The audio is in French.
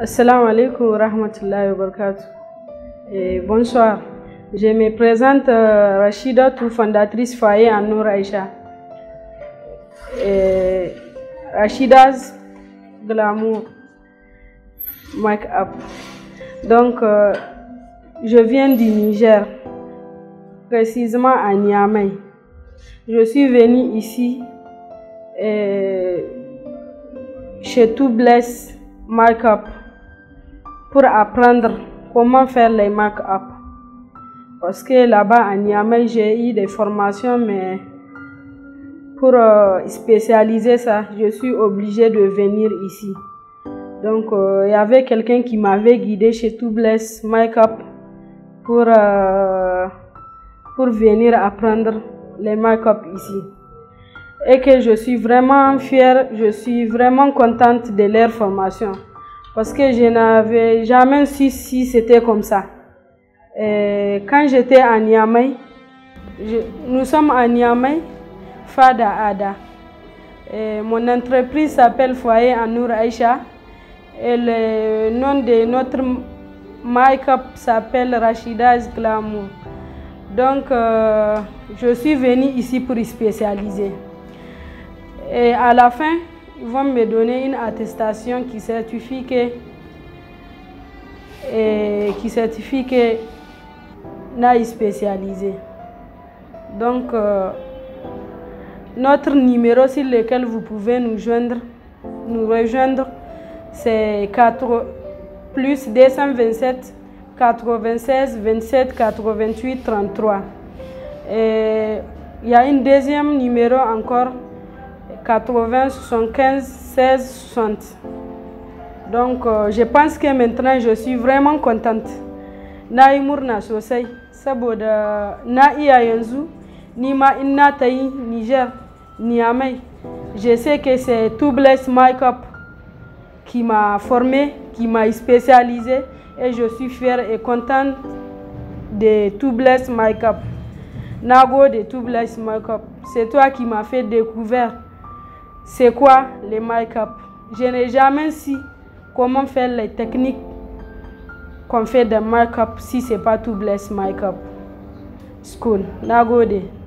Assalamu alaikum wa rahmatullahi wa Et bonsoir. Je me présente euh, Rachida, fondatrice FAYE en Nour Aïcha. Rachida's Glamour make Donc, euh, je viens du Niger, précisément à Niamey. Je suis venue ici chez Toubless Make-up pour apprendre comment faire les make-up. Parce que là-bas à Niamey, j'ai eu des formations, mais pour euh, spécialiser ça, je suis obligée de venir ici. Donc, euh, il y avait quelqu'un qui m'avait guidé chez Toubless Makeup pour, euh, pour venir apprendre les make-up ici. Et que je suis vraiment fière, je suis vraiment contente de leur formation. Parce que je n'avais jamais su si c'était comme ça. quand j'étais à Niamey, nous sommes à Niamey, Fada Ada. mon entreprise s'appelle Foyer Anour Et le nom de notre make-up s'appelle Rachida Glamour. Donc, euh, je suis venue ici pour y spécialiser. Et à la fin, ils vont me donner une attestation qui certifie que, et qui certifie NAI spécialisé. Donc, euh, notre numéro sur lequel vous pouvez nous joindre, nous rejoindre, c'est 4 plus 227 96 27 88 33. il y a un deuxième numéro encore 80 75 16 60. Donc euh, je pense que maintenant je suis vraiment contente. Na suis très saboda na iya ni ma in na Je sais que c'est My Makeup qui m'a formé, qui m'a spécialisé, et je suis fière et contente de Tubeless Makeup. Nago de Tubeless Makeup, c'est toi qui m'as fait découvrir c'est quoi le make-up Je n'ai jamais su comment faire les techniques qu'on fait de make-up si c'est pas tout bless make-up. School. Nagode.